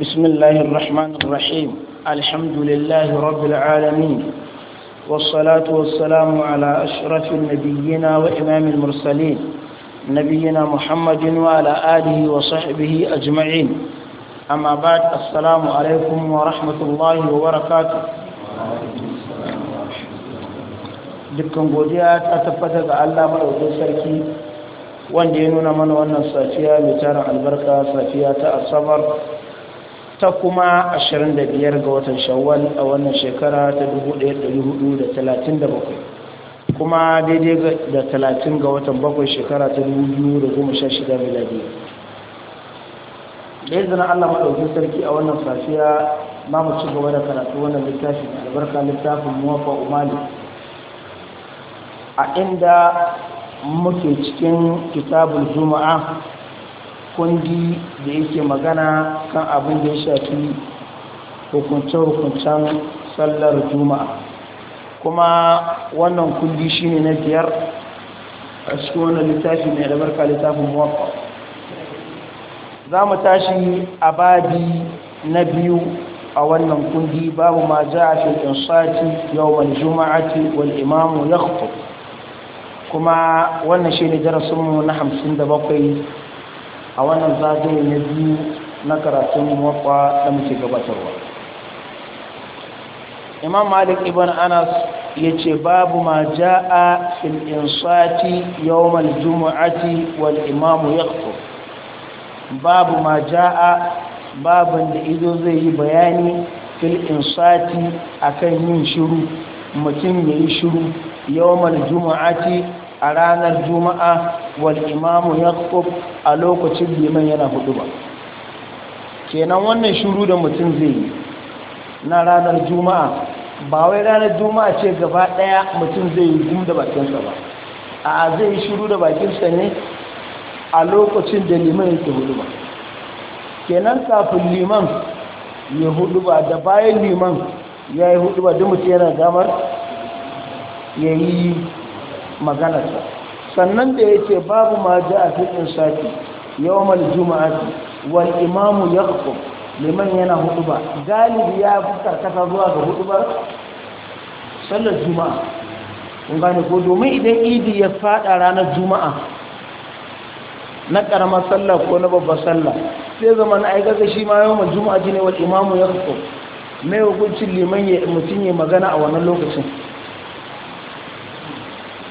بسم الله الرحمن الرحيم الحمد لله رب العالمين والصلاة والسلام على أشرف النبيين وإمام المرسلين نبينا محمد وعلى آله وصحبه أجمعين أما بعد السلام عليكم ورحمة الله وبركاته dukkan godiya ta tabbata ga Allah maɗaukin sarki wanda ya nuna mana wannan safiya mai albarka safiya ta asabar ta kuma 25 ga watan shawwal a wannan shekara ta 1437 kuma daidai da 30 ga watan bakwai shekara ta 2016 miladiya da zana allah maɗaukin sarki a wannan safiya ma mu ci gaba da karatu wannan littafin albarka littafin muwafa umarni. a inda muke cikin kitabul juma'a kundi da yake magana kan abin da ya shafi hukunce-hukuncen sallar juma'a kuma wannan kundi ne na biyar a cikin wannan littafi mai albarka littafin muwaffa za mu tashi a babi na biyu a wannan kundi babu ma za a fitin sati yawon juma'ati wal imamu ya kuma wannan shi ne darasinmu na hamsin da 57 a wannan zagaye na biyu na karatun muwaffa da muke gabatarwa imam malik ibn anas ya ce babu ma ja'a fil insati yawmal juma'ati wal imamu yaqtu babu ma ja'a babin da ido zai yi bayani fil insati akan yin shiru mutum ya yi shiru yawmal juma'ati a ranar juma'a wal imamu yaqub a lokacin liman yana hudu ba. kenan wannan shiru da mutum zai yi na ranar juma'a ba wai ranar juma'a ce gaba daya mutum zai yi gum da bakinsa ba a zai yi shiru da bakinsa ne a lokacin da liman yake ba. kenan kafin liman ya hudu ba, da bayan liman ya yi hudu ba, duk mutum yana damar ya yi maganarsa sannan da yake babu ma ji a cikin sati yawmal juma'ati wal imamu yaqtub liman yana ba galibi ya fi karkata zuwa ga ba sallar juma'a in gani ko domin idan idi ya fada ranar juma'a na karamar sallar ko na babbar sallar sai zama na aikata shi ma yawmal juma'a ne wal imamu yaqtub mai hukuncin liman ya mutum ya magana a wannan lokacin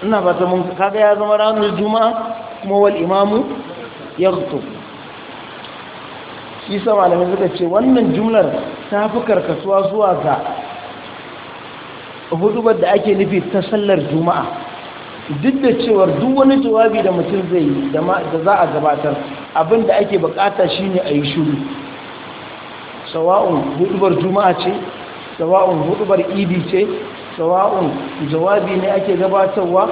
ina ta mun kaga ya zama ranar juma'a kuma wal imamu ya shi sa malamai suka ce wannan jumlar ta fi karkasuwa zuwa ga hudubar da ake nufi ta sallar juma'a duk da cewar duk wani jawabi da mutum zai yi da za a gabatar abin da ake bukata shine a yi shuru sawa'un hudubar juma'a ce sawa'un hudubar idi ce sawa'un jawabi ne ake gabatarwa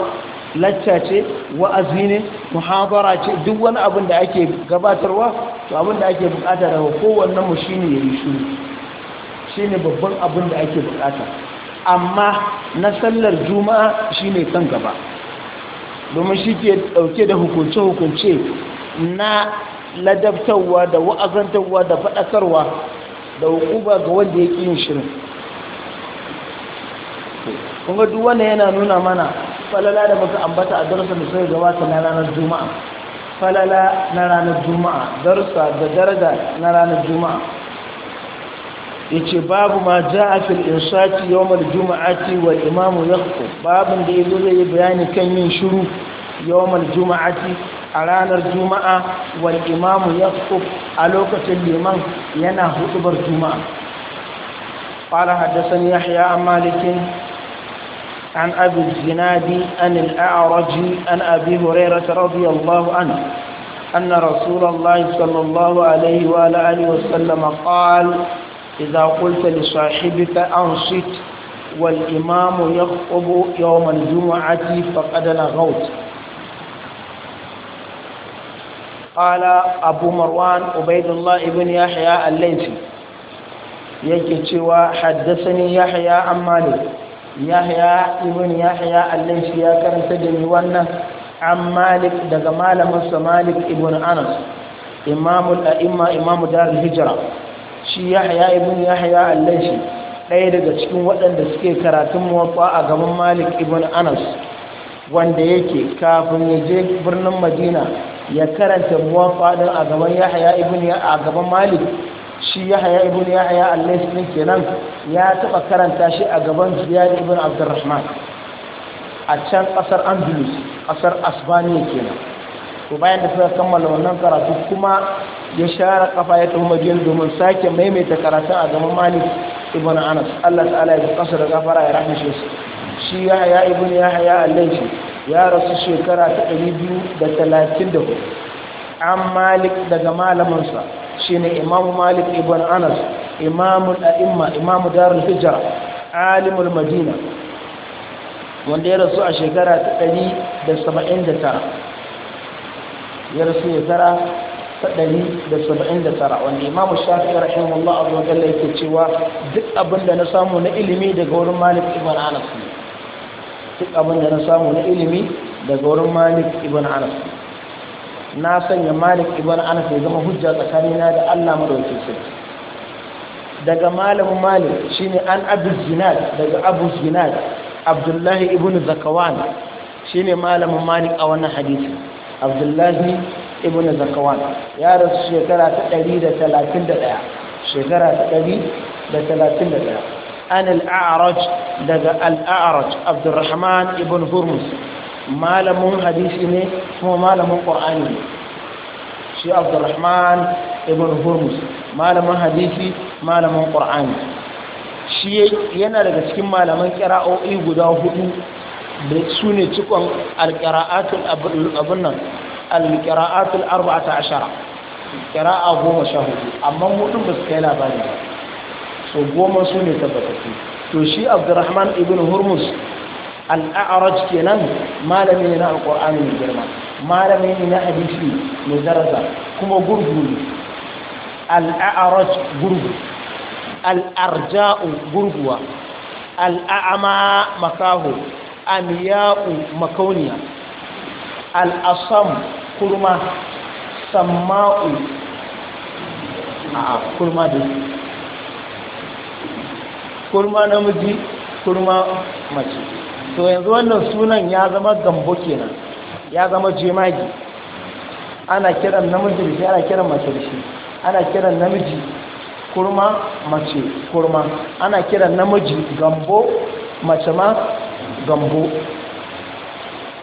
lacca ce wa'azi ne muhabara ce duk wani abin da ake gabatarwa to abin da ake bukata daga kowannen mu shine ya yi Shi shine babban abin da ake bukata amma na sallar juma'a shine kan gaba domin shi ke dauke da hukunce-hukunce na ladabtarwa da wa'azantarwa da faɗakarwa da hukuba ga wanda ya yin shirin kuma duk wanda yana nuna mana falala da muka ambata a darsa da sai gabata na ranar juma'a falala na ranar juma'a darsa da daraja na ranar juma'a yace babu ma jaa fil insati yawm juma'ati wal imam yaqtu babun da yazo zai bayani kan yin shiru yawm juma'ati a ranar juma'a wal imam yaqtu a lokacin liman yana hudubar juma'a قال حدثني يحيى عن مالك عن أبي الزناد عن الأعرج عن أبي هريرة رضي الله عنه أن رسول الله صلى الله عليه وآله وسلم قال إذا قلت لصاحبك أنصت والإمام يخطب يوم الجمعة فقد لغوت قال أبو مروان عبيد الله بن يحيى الليثي يكتوى حدثني يحيى عن مالك yahya ibn yahya al ya karanta da ni wannan an malik daga malamin sa malik ibn anas imamul a'imma imamu darul hijra shi yahya ibn yahya al ɗaya daga cikin waɗanda suke karatun muwaffa a gaban malik ibn anas wanda yake kafin ya je birnin madina ya karanta muwaffa don a gaban yahya ibn a gaban malik shi yahaya ibn yahaya al-laythi kenan ya taba karanta shi a gaban ziyad ibn abdurrahman a can kasar andalus kasar asbaniya kenan to bayan da suka kammala wannan karatu kuma ya share kafa ya tafi madina domin sake maimaita karatun a gaban malik ibn anas Allah ta'ala ya kasa da gafara ya rahmace shi shi yahaya ibn yahaya al-laythi ya rasu shekara ta 234 an malik daga malamansa shine imam malik ibn anas imamul a'imma imam darul hijra alimul madina wanda ya rasu a shekara ta 179 ya rasu shekara ta 179 wanda imamu shafi rahimahullah abu wakalla yake cewa duk abinda na samu na ilimi daga wurin malik ibn anas ne duk abinda na samu na ilimi daga wurin malik ibn anas ne na sanya malik ibn anas ya zama hujja tsakanina da allah madauki sarki daga malamin malik shine an abu zinad daga abu zinad abdullahi ibn zakawan shine malamin malik a wannan hadisi abdullahi ibn zakawan ya rasu shekara ta 131 shekara ta 131 an al-a'raj daga al-a'raj abdurrahman ibn hurmus malamin hadisi ne kuma malamin ƙwar'ani ne shi abdurrahman ibn hurmus malamin hadisi malamin ƙur'ani shi yana daga cikin malaman ƙira'o'i guda hudu da su ne cikon alƙira'atul abin nan alƙira'atul arba'ata ashara ƙira'a goma sha hudu amma hudun ba su kai labari ba so goma su ne tabbatattu to shi abdurrahman ibn hurmus al'a'araj kenan malami ne na alƙur'ani mai girma malami ne na hadisi mai daraja kuma gurgu ne al'a'araj gurgu al'arja'u gurguwa al'a'ama makaho amiya'u makauniya al'asam kurma samma'u a kurma da kurma namiji kurma mace to yanzu wannan sunan ya zama gambo kenan ya zama jemagi ana kiran namiji da ana kiran mace da shi ana kiran namiji kurma mace kurma ana kiran namiji gambo mace ma gambo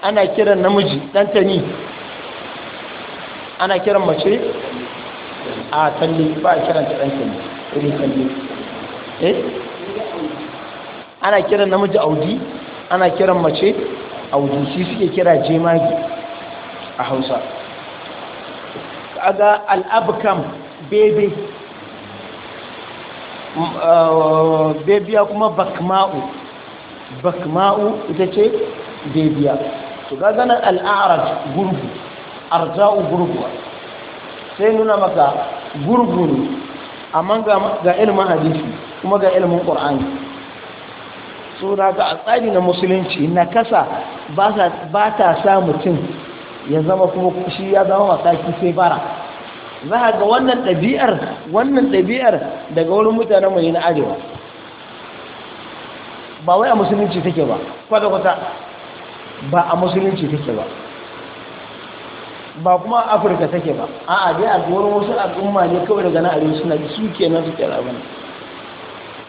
ana kiran namiji ɗan-tani, ana kiran mace a talle ba a kiranta ɗantani irin talle eh ana kiran namiji audi ana kiran mace a wujusi suke kira jemagi a hausa kaga al'abkam bebe mm, uh, bebiya kuma bakma'u bakma'u ita ce bebiya to ga al'arar gurgu arza'u gurguwa sai nuna maka gurgu ne amma ga ilimin hadisi kuma ga ilimin ƙur'ani. so ga a tsari na musulunci na kasa ba ta sa mutum ya zama kuma shi ya zama matsaki sai bara za a ga wannan ɗabi'ar wannan ɗabi'ar daga wurin mutanen mai na arewa ba wai a musulunci take ba kwata-kwata ba a musulunci take ba ba kuma afirka take ba a a dai a wurin wasu al'umma ne kawai daga na arewa suna suke kenan suke kyara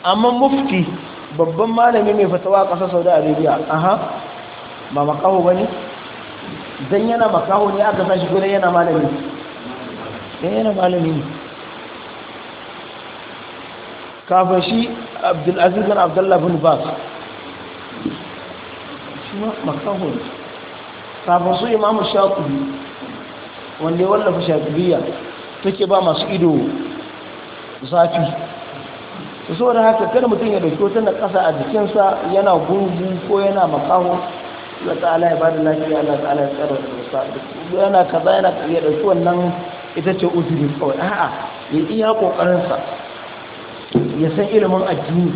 amma mufti babban malami mai fatawa a ƙasar saudi arabia aha ba makaho ba ne don yana makaho ne aka sashi gudun yana malami ne eh, yana malami ne kafin shi abdulaziz bin Abdullahi bin bas shi ma makaho ne kafin su imamu shaƙubi wanda ya wallafa shaƙubiya take ba masu ido zafi so da haka kada mutum ya dauki wata nakasa a jikinsa yana gungu ko yana makaho Allah ta'ala ya ba da lafiya Allah ta'ala ya tsara da yana kaza yana ya dauki wannan ita ce uzuri kawai a'a ya iya kokarinsa ya san ilimin addini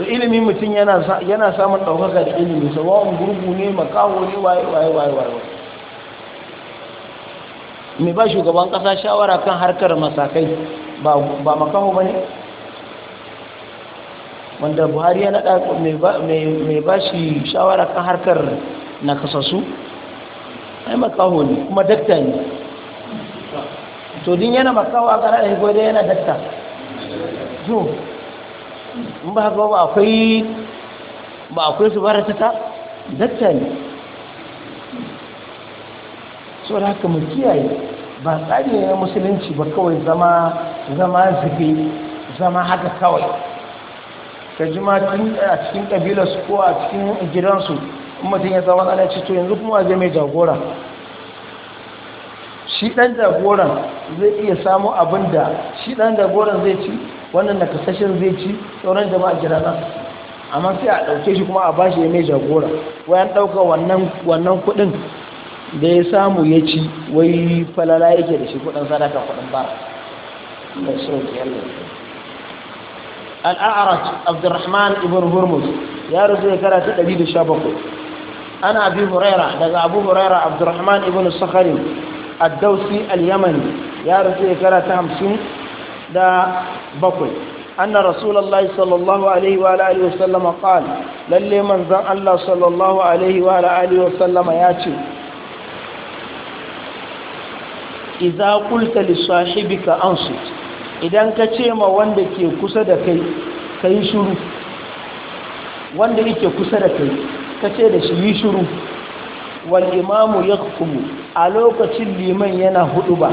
to ilimin mutum yana yana samun ɗaukaka da ilimi sawan gurgu ne makaho ne waye waye waye waye mai ba shugaban ƙasa shawara kan harkar masakai ba makaho ba ne wanda buhari ya naɗa mai ba shi shawara kan harkar na kasasu ai makaho ne kuma dakta ne to din yana makaho a kanar da gwada yana dakta to in ba haka ba akwai ba akwai su bara ta dakta ne so da haka mu kiyaye ba tsari ne na musulunci ba kawai zama zama zafi zama haka kawai ka ji ma a cikin kabilarsu ko a cikin gidansu in mutum ya zama ana cito to yanzu kuma zai mai jagora shi ɗan jagoran zai iya samu abin da shi ɗan jagoran zai ci wannan da kasashen zai ci sauran jama'a gidana amma sai a ɗauke shi kuma a bashi ya mai jagora wayan ɗauka wannan kuɗin da ya samu ya ci wai falala yake da shi kuɗin sadaka kuɗin ba da al'a'arat abdurrahman ibn hurmus ya rasu ya karata 117 ana abi huraira daga abu huraira abdurrahman ibn sakharin addausi al-yamani ya rasu ya ta 50 da bakwai anna rasu sallallahu alaihi wa alihi qala lalle manzon Allah sallallahu alaihi wa alihi wa sallama ya ce idza qulta li sahibika ansut idan ka ce ma wanda ke kusa da kai ka yi shuru wanda yake kusa da kai ka ce da shi yi shuru wal imamu ya kumu a lokacin liman yana hudu ba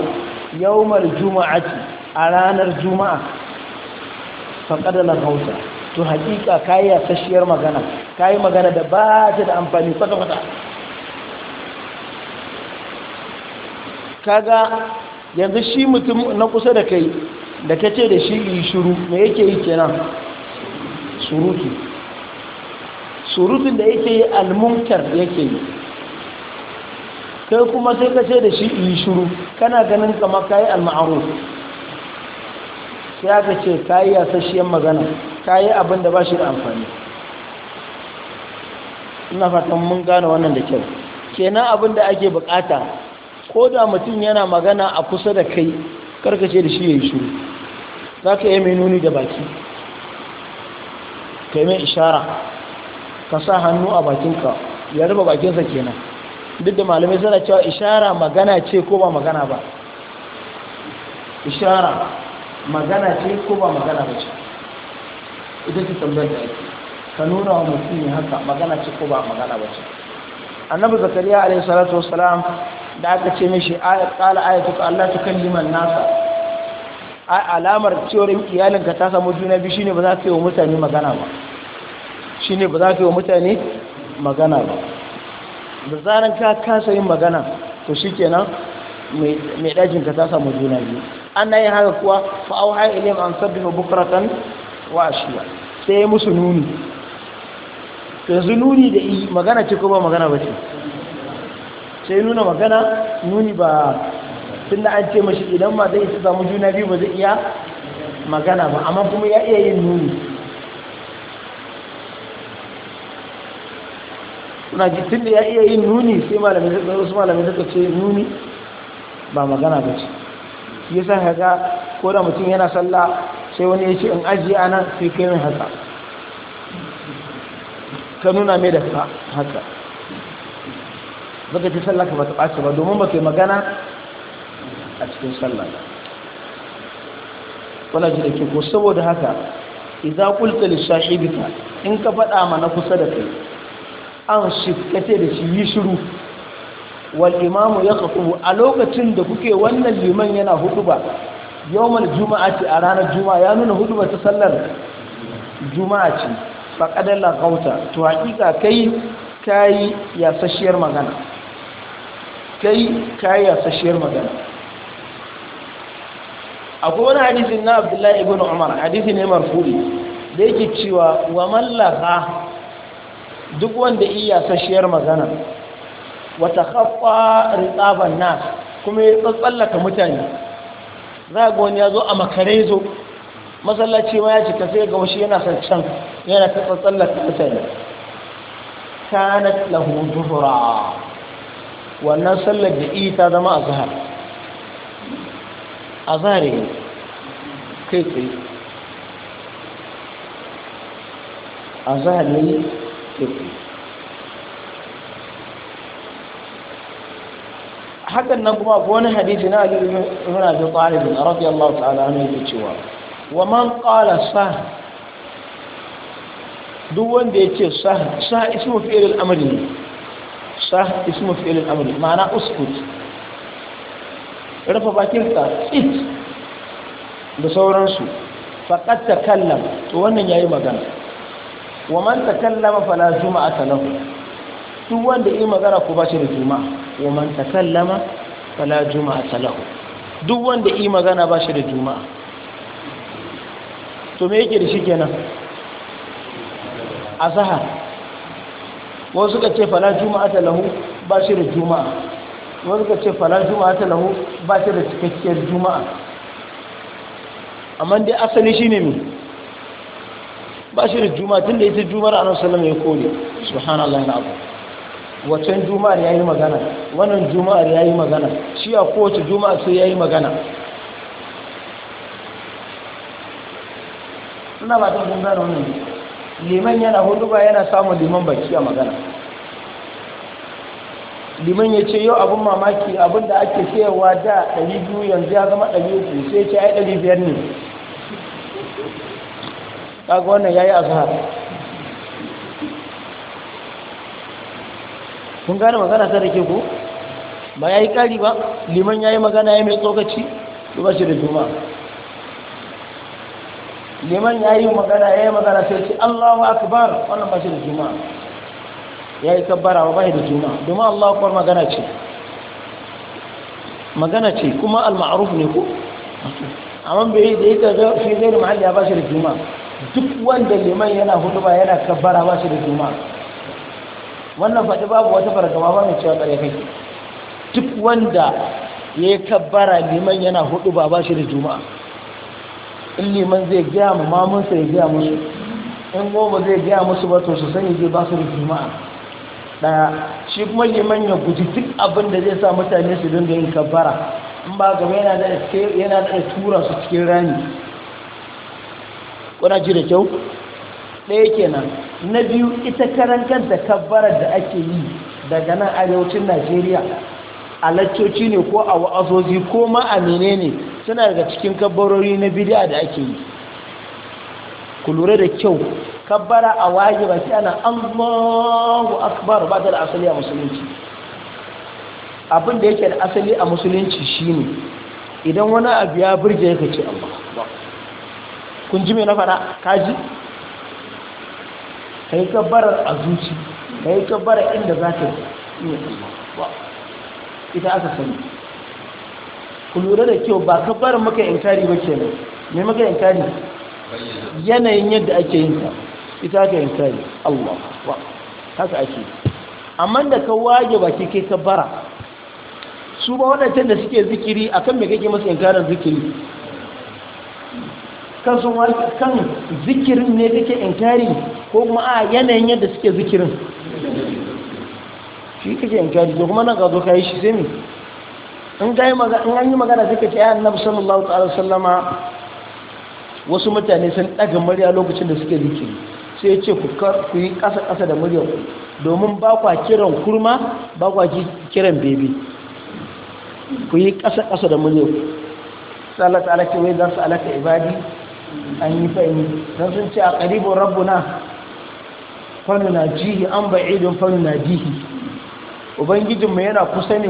juma'a ce, a ranar juma'a na hausa to haƙiƙa ka yi yasashiyar magana ka yi magana da ba ta da amfani kwata-kwata kaga yanzu shi mutum na kusa da kai da ka ce da shi yi shuru me yake yi kenan surutu surutun da yake yi almunkar yake yi sai kuma sai ka ce da shi yi shuru kana ganin kamar kayi alma'aruf sai aka ce kayi yasasshiyar magana kayi abin da ba shi da amfani ina fatan mun gane wannan da kyau kenan abin da ake bukata ko da mutum yana magana a kusa da kai karkace da shi ya yi shuru za ka yi mai nuni da baki ka yi mai ishara ka sa hannu a bakinka ya raba bakinsa kenan duk da malamai suna cewa ishara magana ce ko ba magana ba ishara magana ce ko ba magana ba ce ita ce tambayar da yake ka nuna wa mutum ne haka magana ce ko ba magana ba ce annabi zakariya alaihi salatu wasalam da aka ce mishi qala ayatuka allah tukallima an-nasa alamar cewar iyalinka ta samu juna biyu shine ba za ka yi wa mutane magana ba shine ba za ka yi wa mutane magana ba da zaran ka kasa yin magana to shikenan mai dajin ka ta samu juna biyu an na haka kuwa au ha ilim an sabbi bukratan wa ashiya sai musu nuni yanzu nuni da magana ce ko ba magana ba ce sai nuna magana nuni ba tun da an ce mashi idan ma zai samu juna biyu ba zai iya magana ba amma kuma ya iya yin nuni suna ji tun da ya iya yin nuni sai malamai suka su malamai zai ce nuni ba magana ba ce shi san haka ko da mutum yana sallah sai wani ya ce in ajiye a nan sai kai min haka ka nuna mai da haka zaka ce sallah ka ba ta ba domin ba kai magana a cikin sallah wala ji da ke ko saboda haka idza qulta li sahibika in ka fada mana kusa da kai an shi kace da shi yi shiru wal ya yaqtubu a lokacin da kuke wannan liman yana hutuba yawmal juma'ati a ranar juma'a ya nuna hutuba ta sallar juma'a ce fa la qauta to hakika kai kai ya sashiyar magana kai kai ya sashiyar magana akwai wani hadisin na abdullahi ibn umar hadisi ne marfu'i da yake cewa wa mallaka duk wanda iya sashiyar magana wata khaffa ritaban nas kuma ya tsallaka mutane za ga wani ya zo a makare zo masallaci ma ya cika sai ga washi yana sarcen yana ta tsallaka mutane kanat lahu zuhura wannan sallar da iya ta zama a zahar اظهرهم كيف اظهر لي كيف حتى نقوم بون حديثنا هنا في طالب رضي الله تعالى عنه في الشوار ومن قال صح دون دي صح صح اسمه فعل الامر صح اسمه فعل الامر معنى اسكت rufe bakinsa it da sauransu faƙat ta kallam to wannan ya yi magana wa man ta kallama fala juma'a ta lahu duk wanda yi magana ko ba shi da juma'a wa man ta kallama fala juma'a ta lahu duk wanda yi magana ba shi da juma'a to me yake da shi kenan azhar wasu ka ce fala juma'a ta lahu ba shi da juma'a wani ka ce fala juma'a ta lahu ba ta da cikakkiyar juma'a amma dai asali shi ne mi ba shi da juma'a tun da ita juma'ar a salama ya kone subhanallah na abu wacan juma'ar ya yi magana wannan juma'ar ya yi magana shi a kowace juma'a sai ya yi magana suna ba ta gungana wannan liman yana hudu ba yana samun liman baki a magana liman ya ce yau abin mamaki abin da ake sayarwa da ɗari biyu yanzu ya zama ɗari biyu sai ce ai biyar ne kaga wannan ya yi azhar kun gane magana ta rike ko ba ya yi ƙari ba liman ya yi magana yi mai tsokaci to ba shi da juma'a liman ya yi magana ya yi magana sai ce Allahu akbar wannan ba shi da juma'a ya yi kabbara ba bai da juna domin Allah kuwar magana ce magana ce kuma al-ma'ruf ne ko amma bai da ita ga fi zai da mahalli ya ba shi da juma duk wanda liman yana hutuba yana kabbara ba shi da juma wannan faɗi babu wata fargaba ba mai cewa ƙarya kai. duk wanda ya yi kabbara liman yana hutuba ba shi da juma'a in liman zai gaya mu mamunsa ya gaya musu in goma zai gaya musu ba to su sani zai ba su da juma'a ɗaya shi kuma liman ya guji duk abin da zai sa mutane su dinga yin kabbara in ba gaba yana da yana da tura su cikin rani kuna ji da kyau ɗaya kenan na biyu ita karan kanta kabara da ake yi daga nan arewacin najeriya a laccoci ne ko a wa'azozi ko ma a menene suna daga cikin kabarori na bidiya da ake yi ku lura da kyau kabbara a ba sai ana Allahu akbar ba ta da asali a musulunci abin da yake da asali a musulunci shine idan wani abu ya burge ya kace Allah kun ji me na fara kaji kai kabbara a zuci kai kabbara inda za ta yi ita aka sani ku lura da kyau ba kabbara maka inkari ba ke ne me maka inkari yanayin yadda ake yin ta ita ka yin kari Allah wa haka ake amma da ka wage baki kai ka bara su ba waɗancan da suke zikiri akan me kake masu inkarin zikiri kan sun kan zikirin ne kake inkari ko kuma a yanayin yadda suke zikirin shi kake inkari da kuma nan ka zo ka yi shi sai ne in magana in an yi magana sai ka ce ayan nabi sallallahu ta'ala sallama wasu mutane sun ɗaga murya lokacin da suke zikiri sai ce ku yi ƙasa ƙasa da muryar ku domin ba kwa kiran kurma ba kwa kiran bebe ku yi ƙasa ƙasa da muryar ku sallat alaƙi wai za su alaƙa ibadi an yi fa'ini don sun ce a ƙaribin rabbuna fannu na jihi an ba'idun fannu na jihi ubangijinmu yana kusa ne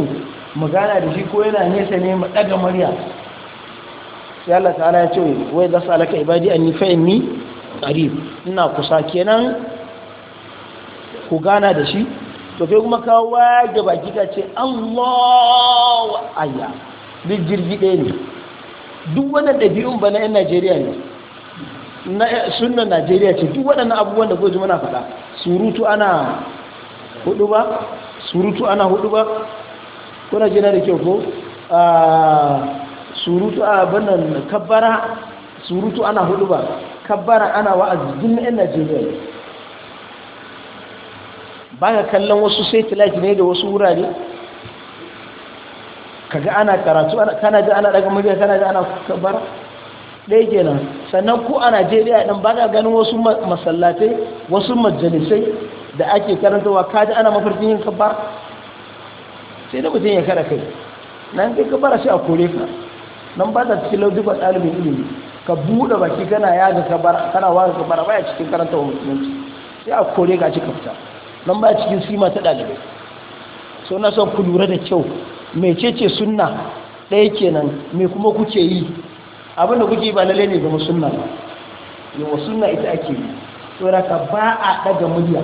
mu gana da shi ko yana nesa ne mu ɗaga murya sai Allah ta'ala ya ce wai za su alaka ibadi an yi fa'in ni qarib ina kusa kenan ku gana da shi to kai kuma ka wage baki ka ce Allahu ayya duk jirgi ɗaya ne duk wannan ɗabi'un ba na 'yan Najeriya ne na Najeriya ce duk waɗannan abubuwan da kuwa muna faɗa surutu ana hudu ba surutu ana hudu ba kuna jina da kyau ko surutu a banan kabbara surutu ana hudu ba kabbara ana wa'azi duk na 'yan najeriya ba ka kallon wasu satellite ne da wasu wurare kaga ana karatu kana ji ana daga murya kana ji ana kabbara ɗaya kenan sannan ku a najeriya ɗin ba ka ganin wasu masallatai wasu majalisai da ake karantawa ka ji ana mafarkin yin kabbara sai da mutum ya kara kai nan kai kabbara sai a kore ka nan ba ta cikin ba ɗalibin ilimi ka buɗe baki kana yaga kabara kana waga kabara baya cikin karanta wa musulunci sai a kore ka ci fita nan baya cikin sima ta ɗalibai so na son ku lura da kyau cece sunna ɗaya kenan me kuma kuke yi abinda kuke ba lalle ne ga sunna ba yawa sunna ita ake yi saboda ka ba a ɗaga murya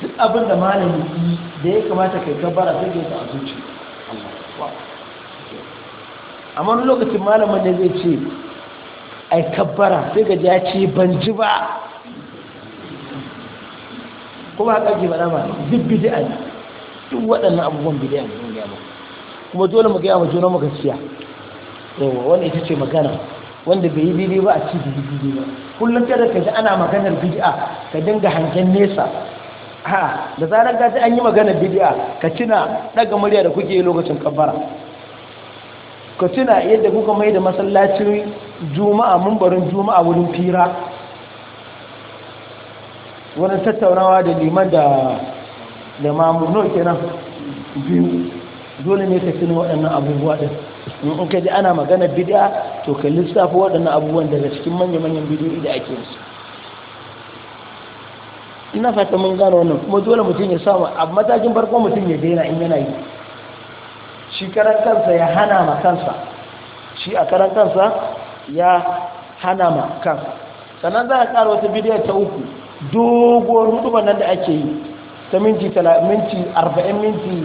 duk abin da malami yi da ya kamata kai gabara sai ka a zuci amma lokacin malamin ne zai ce ai kabbara sai ga ya ce ban ji ba kuma haka ji bana ba duk bid'a ne duk waɗannan abubuwan bid'a ne mun gaba kuma dole mu gaya wa juna mu gaskiya yawa wanda ita ce magana wanda bai yi daidai ba a ci da ba kullum kada ka ji ana maganar bid'a ka dinga hangen nesa ha da zarar ka ji an yi maganar bid'a ka tuna daga murya da kuke lokacin kabbara ka tuna yadda kuka mai da masallacin juma'a mumbarin juma'a wurin fira wani tattaunawa da liman da da mamuno kenan biyu dole ne ka tuni waɗannan abubuwa ɗin in ka ji ana magana bid'a to ka lissafa waɗannan abubuwan daga cikin manya-manyan bidiyoyi da ake musu ina fata mun gano wannan kuma dole mutum ya samu a matakin farko mutum ya daina in yana yi shi karan kansa ya hana ma kansa shi a karan kansa ya hana ma sannan za a ƙara wata bidiyo ta uku dogon hudu nan da ake yi ta minti 40 minti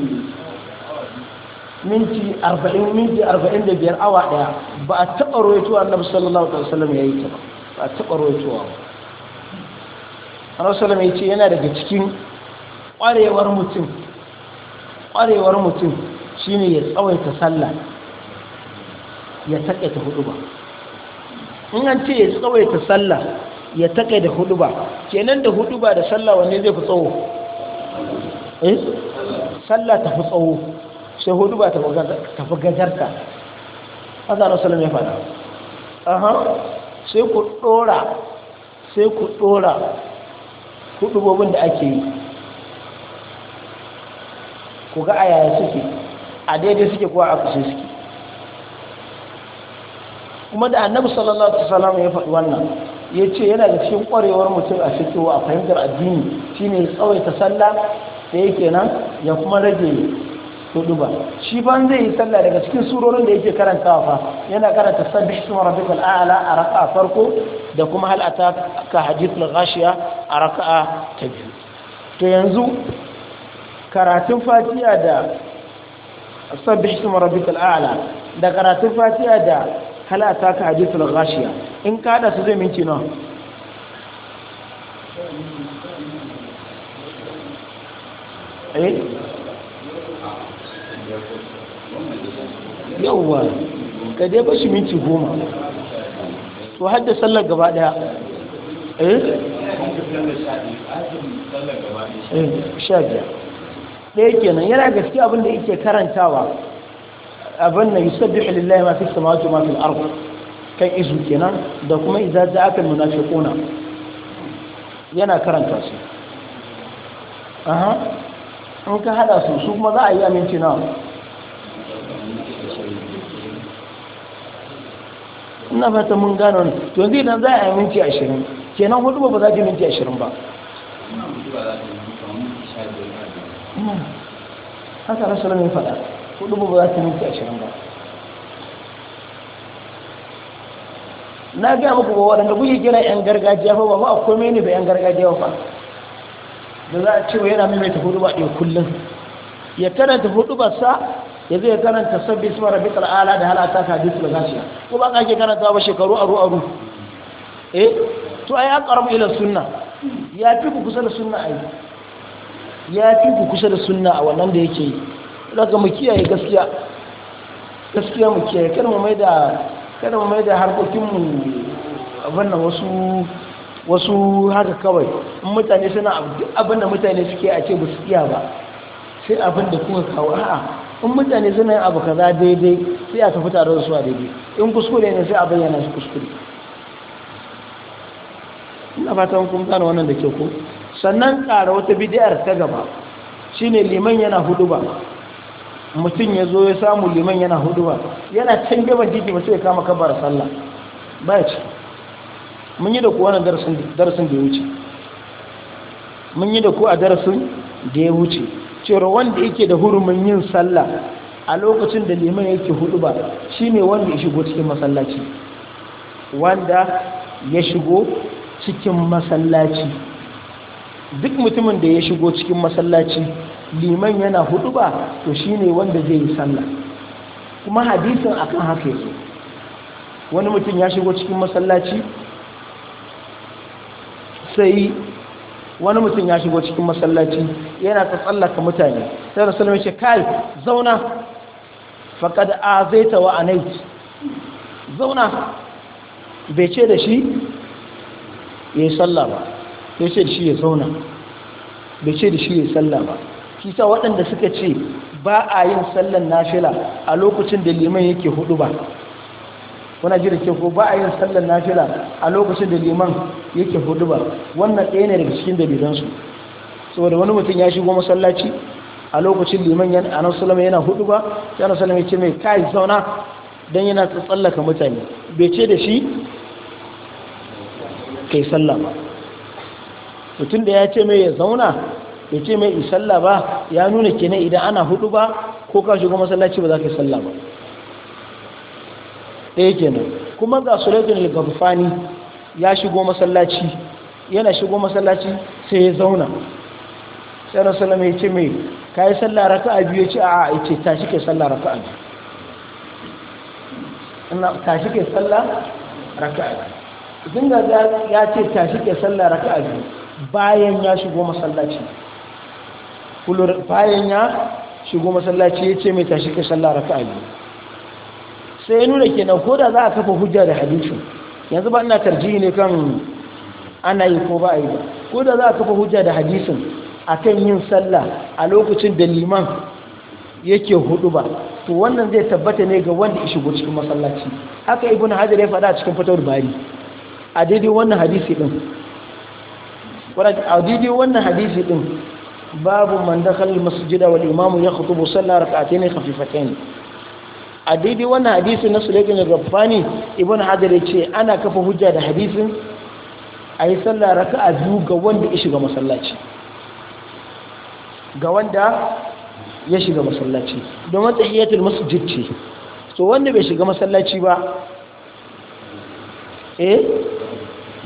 minti arba'in minti arba'in da biyar awa ɗaya ba a taɓa roituwa na musallallahu alaihi wasallam ya yi ta ba ba a taɓa roituwa ana wasallam ya ce yana daga cikin ƙwarewar mutum ƙwarewar mutum shine ya tsawaita sallah ya taƙaita hudu ba in an ce ya tsawaita sallah ya takai da ba kenan da ba da sallah wanne zai fi tsawo eh sallah ta fi tsawo sai ba ta fi gajarta haka rasulun ya fada aha sai ku dora sai ku dora gobin da ake yi ku ga a yaya suke a daidai suke kuwa a kusa suke kuma da annabi sallallahu alaihi wasallam ya faɗi wannan ya ce yana da cikin ƙwarewar mutum a fitowa a fahimtar addini shine ya tsawaita sallah da yake nan ya kuma rage hudu ba shi ban zai yi sallah daga cikin surorin da yake karantawa fa yana karanta sabbih suma rabbikal a'la a raka'a farko da kuma hal ataka hadithul ghashiya a raka'a ta biyu to yanzu karatun fatiha da sabbih suma rabbikal a'la da karatun fatiha da hala ta ka hadithul ghashiya in ka su zai minti nawa eh yawwa ka dai bashi minti goma to hadda sallar gaba daya eh? eh sha biyar ɗaya kenan yana gaske abin da yake karantawa abin na yusabbihu lillahi ma fi samawati ma fil ardh kan izu kenan da kuma idza ja'aka al munafiquna yana karanta su aha in ka hada su su kuma za a yi aminci na ina fata mun gano ne to yanzu idan za a yi minti ashirin kenan hudu ba za ki minti ashirin ba haka rasulun ya faɗa hudu ba za ta minti ashirin ba na gaya muku ba waɗanda guji kira 'yan gargajiya ba. ba ma a kome ne ba 'yan gargajiya ba da za a ce wa yana maimaita hudu ba ɗaya kullum ya karanta hudu ba sa ya zai karanta sabbi su mara bitar ala da halata ka hadisu da gashiya ko ba ka ke karanta ba shekaru aru aru eh to a ya karamu ila sunna ya fi ku kusa da sunna yi ya fi ku kusa da sunna a wannan da yake yi zaka mu kiyaye gaskiya gaskiya mu kiyaye kada mu maida kada mu maida harkokin mu abin wasu wasu haka kawai in mutane suna abin da mutane suke a ce ba su iya ba sai abin da kuka kawo a'a in mutane suna yin abu kaza daidai sai a tafi tare da su a daidai in kuskure ne sai a bayyana su kuskure ina fatan kun gane wannan da ke ku sannan ƙara wata bidiyar ta gaba shine liman yana hudu ba mutum ya zo ya samu liman yana huduwa yana can gaban jiki ba sai ya kama kabar sallah ba ya ce mun yi da ku wani darasin da ya wuce mun yi da ku a darasin da ya wuce cewa wanda yake da hurumin yin sallah a lokacin da liman yake hudu ba shine wanda ya shigo cikin masallaci wanda ya shigo cikin masallaci duk mutumin da ya shigo cikin masallaci liman yana hudu ba to shine wanda zai yi sallah kuma hadisin akan haka yake wani mutum ya shigo cikin masallaci sai wani mutum ya shigo cikin masallaci yana ta tsallaka mutane sai salama ce kai zauna faqad azaita wa anait zauna bai ce da shi yayi sallah ba bai ce da shi ya zauna bai ce da shi yayi sallah ba shi sa waɗanda suka ce ba a yin sallan nafila a lokacin da liman yake hudu ba wani ji da ke ko ba a yin sallan nafila a lokacin da liman yake hudu ba wannan ɗaya ne daga cikin dalilansu saboda wani mutum ya shigo masallaci a lokacin liman yana anan salama yana hudu ba yana salama ya ce mai kai zauna don yana tsallaka mutane bai ce da shi kai sallah mutum da ya ce mai ya zauna ya ce mai isalla ba ya nuna ne idan ana hudu ba ko ka shiga masallaci ba za ka yi sallah ba ɗaya nan kuma ga sulaitun al-gafani ya shigo masallaci yana shigo masallaci sai ya zauna sai rasulullah ya ce mai ka yi raka a biyu ya ce a'a a ce tashi kai sallah raka'a biyu ina tashi salla raka a biyu dinga ya ce tashi kai sallah raka'a biyu bayan ya shigo masallaci kullum bayan ya shigo masallaci ya ce mai tashi ka raka a biyu sai ya nuna kenan ko da za a kafa hujja da hadisin yanzu ba ina tarji ne kan ana yi ko ba a yi ba ko da za a kafa hujja da a akan yin sallah a lokacin da liman yake hudu ba to wannan zai tabbata ne ga wanda ya shigo cikin masallaci haka ibn hajar ya faɗa cikin fitar bari a daidai wannan hadisi din a daidai wannan hadisi din babu man dakhala al-masjid wal imam yakhutubu salla rak'atayn khafifatayn a daidai wannan hadisi na sulaiman al-ghaffani ibn hajar yace ana kafa hujja da hadisin ayi salla raka'a biyu ga wanda ya shiga masallaci ga wanda ya shiga masallaci domin tahiyatul masjid ce so wanda bai shiga masallaci ba eh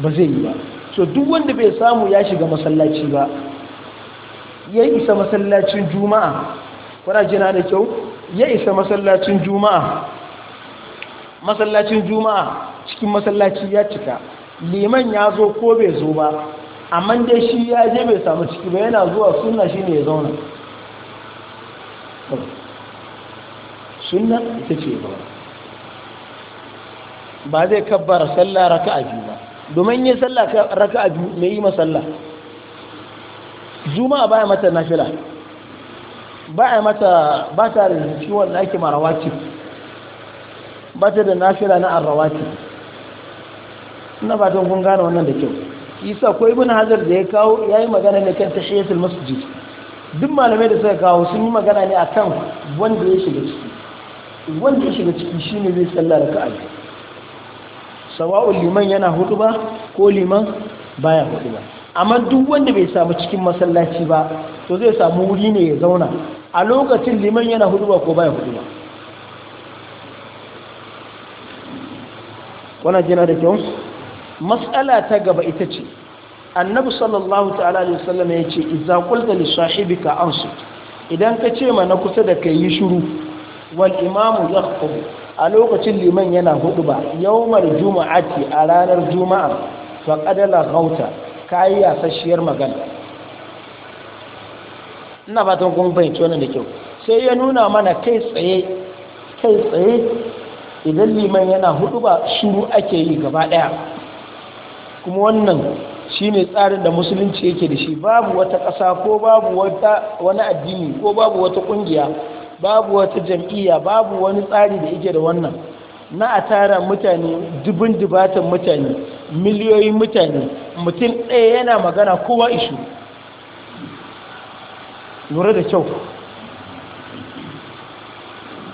ba zai yi ba so duk wanda bai samu ya shiga masallaci ba ya isa masallacin juma'a kuna jina da kyau ya isa masallacin juma'a masallacin juma'a cikin masallaci ya cika liman ya zo ko bai zo ba amma dai shi ya je bai samu ciki ba yana zuwa sunna ne ya zauna sunna ita ce ba ba zai kabbara sallah raka'a biyu ba domin yin sallah raka'a biyu mai yi masallah ba baya mata nafila ya mata ba ta da ciwon da ake marawati ba ta da nafila na arrawati ina fatan kun gane wannan da kyau isa ko bin hazar da ya kawo yi magana ne kan masu masjid duk malamai da suka kawo sun yi magana ne a kan wanda ya shiga ciki wanda ya shiga ciki shi ne zai sallah aiki. sawa'ul liman yana hudu ba ko liman baya hudu ba amma duk wanda bai samu cikin masallaci ba to zai samu wuri ne ya zauna a lokacin liman yana huduba ko baya huduba wannan jina da kyau matsala ta gaba ita ce annabi sallallahu ta'ala alaihi wasallam ya ce idza qulta li sahibika ansu idan ka ce ma na kusa da kai yi shiru wal imamu yaqub a lokacin liman yana huduba yawmar juma'ati a ranar juma'a fa qadala ghauta ka yi yasasshiyar magana ina ba tun kuma fahimci wannan da kyau sai ya nuna mana kai tsaye kai tsaye idan liman yana hudu ba shuru ake yi gaba daya kuma wannan shine tsarin da musulunci yake da shi babu wata ƙasa ko babu wata wani addini ko babu wata ƙungiya babu wata jam'iyya babu wani tsari da yake da wannan na a tara mutane dubin dubatan mutane miliyoyin mutane mutum ɗaya yana magana kowa ishu lura da kyau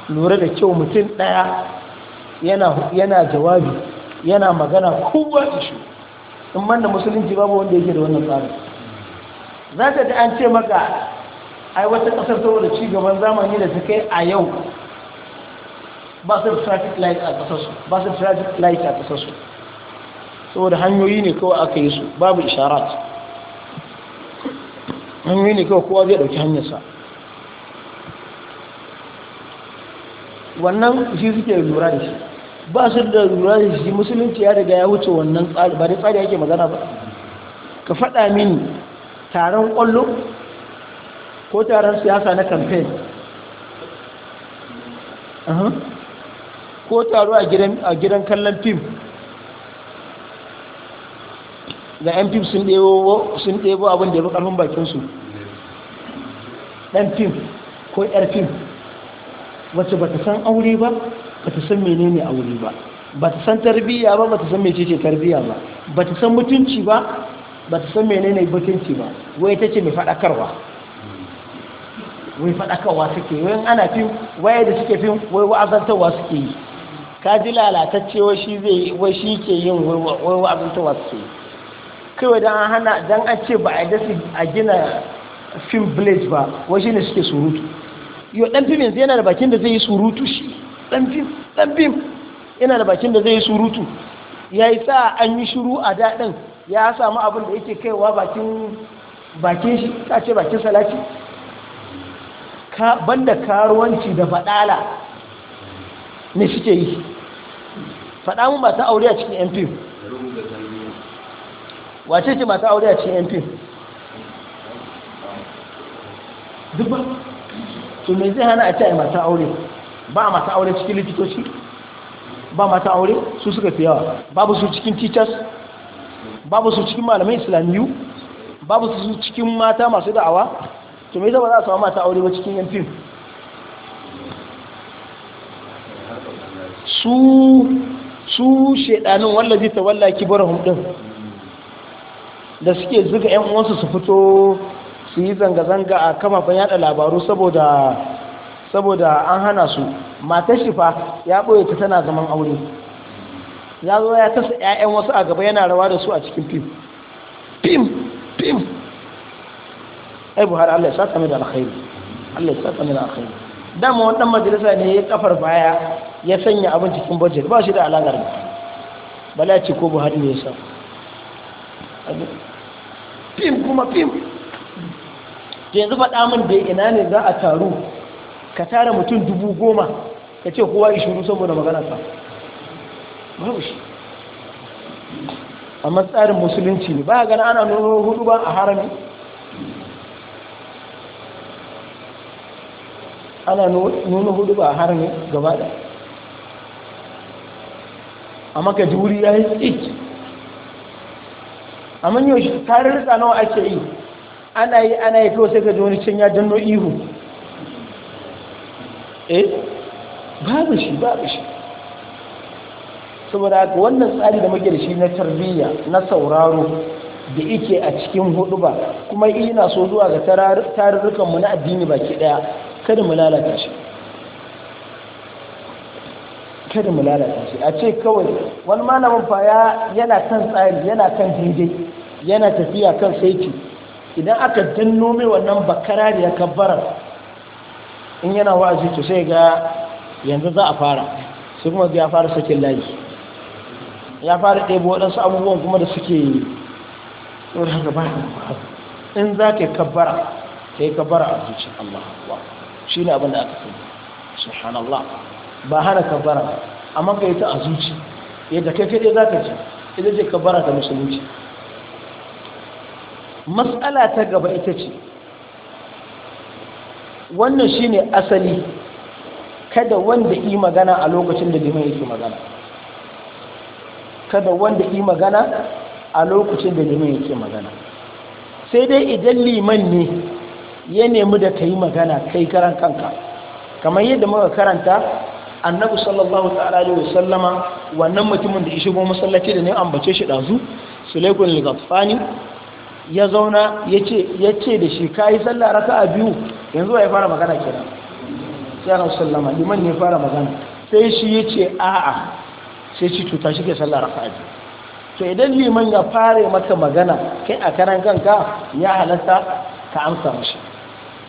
lura da kyau mutum ɗaya yana jawabi yana magana kowa ishu in man da musulunci babu wanda yake da wannan tsarin za ka ji an ce maka ai wata ƙasar saboda cigaban zamani da ta kai a yau ba su traffic light a ƙasarsu ba su traffic light a saboda hanyoyi ne kawai aka yi su babu isharat hanyoyi ne kawai kowa zai ɗauki hanyarsa wannan shi suke lura da shi ba su da lura da shi musulunci ya daga ya wuce wannan tsari ba da tsari ake magana ba ka faɗa mini taron kwallo ko taron siyasa na kamfen ko taro a gidan kallon fim da yan fim sun ɗebo abin da ya fi ƙarfin bakinsu ɗan fim ko 'yar fim wacce ba ta san aure ba ba ta san menene aure ba ba ta san tarbiyya ba ba ta san mecece tarbiyya ba ba ta san mutunci ba ba ta san menene mutunci ba wai ta ce mai faɗakarwa wai faɗakarwa suke wai ana fim waye da suke fim wai wa'azantarwa suke yi ka ji lalatacce wai shi zai wai shi ke yin wai wa'azantarwa suke yi kawai don an hana dan an ce ba a dasu a gina film village ba wai ne suke surutu Yau dan fim yanzu yana da bakin da zai yi surutu shi dan fim dan fim yana da bakin da zai yi surutu Ya yi sa an yi shiru a daɗin ya samu abin da yake kaiwa bakin bakin shi ka ce bakin salati ka banda karuwanci da fadala ne suke yi Faɗa mun ba ta aure a cikin yan fim wace ce masu aure a cikin yan fim duk ba to me zai hana a ce a masu aure ba a masu aure cikin likitoci ba masu aure su suka fi yawa babu su cikin teachers babu su cikin malamai islamiyu babu su cikin mata masu da'awa to me zaba za a samu masu aure ba cikin yan fim su su shedanin wallazi wallaki kibarahum din da suke zuga 'yan uwansu su fito su yi zanga-zanga a ban yada labaru saboda an hana su matar shi fa ya ɓoye ta tana zaman aure ya zo ya tasa 'ya'yan wasu a gaba yana rawa da su a cikin fim fim fim ai buhari allah ya sata mai da alkhairi allah ya sata mai da alkhairi dama wannan majalisa ne ya kafar baya ya sanya abin cikin budget ba shi da alagar ba bala ce ko buhari ne ya sa fim kuma fim yanzu faɗa min da ina ne za a taru ka tara mutum dubu goma ka ce kowa yi shuru saboda magana sa babu shi amma tsarin musulunci ne ba gana ana nuna hudu ba a harami ana nuna hudu ba a harami gaba da amma ka ji wuri ya yi tsiki amma yau shi da nawa ake yi ana yi ana yi kawai sai ka ji wani can ya danno ihu eh babu shi babu shi saboda haka wannan tsari da muke da shi na tarbiyya na sauraro da yake a cikin hudu ba kuma ina so zuwa ga tarurrukan mu na addini baki daya kada mu lalata shi kada mu lalata shi a ce kawai wani malamin fa yana kan tsari yana kan daidai yana tafiya kan saiti idan aka danno mai wannan bakara da ya kabbara in yana wa'azi to sai ga yanzu za a fara sai kuma ya fara sakin layi ya fara ɗebo waɗansu abubuwan kuma da suke yi in za ka kabbara ka yi kabbara a zuci Allah wa shi ne abin da aka fi subhanallah ba hana kabbara amma ka yi ta a zuci yadda kai kaɗai za ka ce ita ce kabbara ta musulunci matsala ta gaba ita ce wannan shine asali kada wanda yi magana a lokacin da liman yake magana kada wanda yi magana a lokacin da liman yake magana sai dai idan liman ne ya nemi da ka yi magana kai karan kanka kamar yadda muka karanta annabi sallallahu ta'ala alaihi wasallama wannan mutumin da ya shigo masallaci da ne ambace shi dazu sulaikun al ya zauna ya ce da shi ka yi sallah raka a biyu yanzu ya fara magana kira sai na sallama liman ne fara magana sai shi ya ce a'a sai shi tuta shi ke sallah raka a biyu to idan liman ya fara maka magana kai a karan kanka ya halatta ka amsa mashi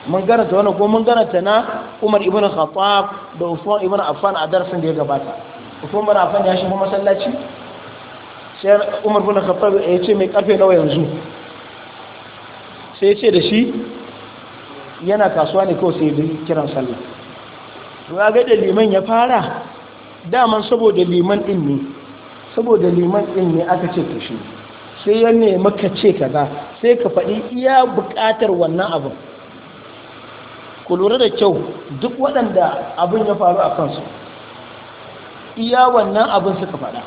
mun ta wani ko mun ta na umar ibn khattab da usman ibn affan a darasin da ya gabata usman ibn affan ya shigo masallaci sai umar ibn khattab ya ce mai kafe nawa yanzu sai ce da shi yana kasuwa ne kawai sai yi kiran sallah to ya ga liman ya fara daman saboda liman din ne saboda liman din ne aka ce ta shi sai ya ne ka ce kaza sai ka faɗi iya buƙatar wannan abin ku lura da kyau duk waɗanda abin ya faru a kansu iya wannan abin suka faɗa